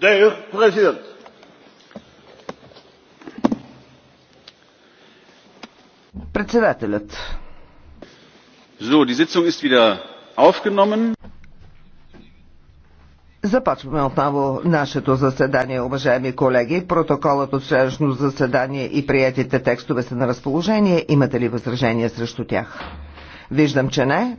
Dear President, Председателят. So, die Sitzung ist wieder aufgenommen. Започваме отново нашето заседание, уважаеми колеги. Протоколът от вчерашното заседание и приятите текстове са на разположение. Имате ли възражения срещу тях? Виждам, че не.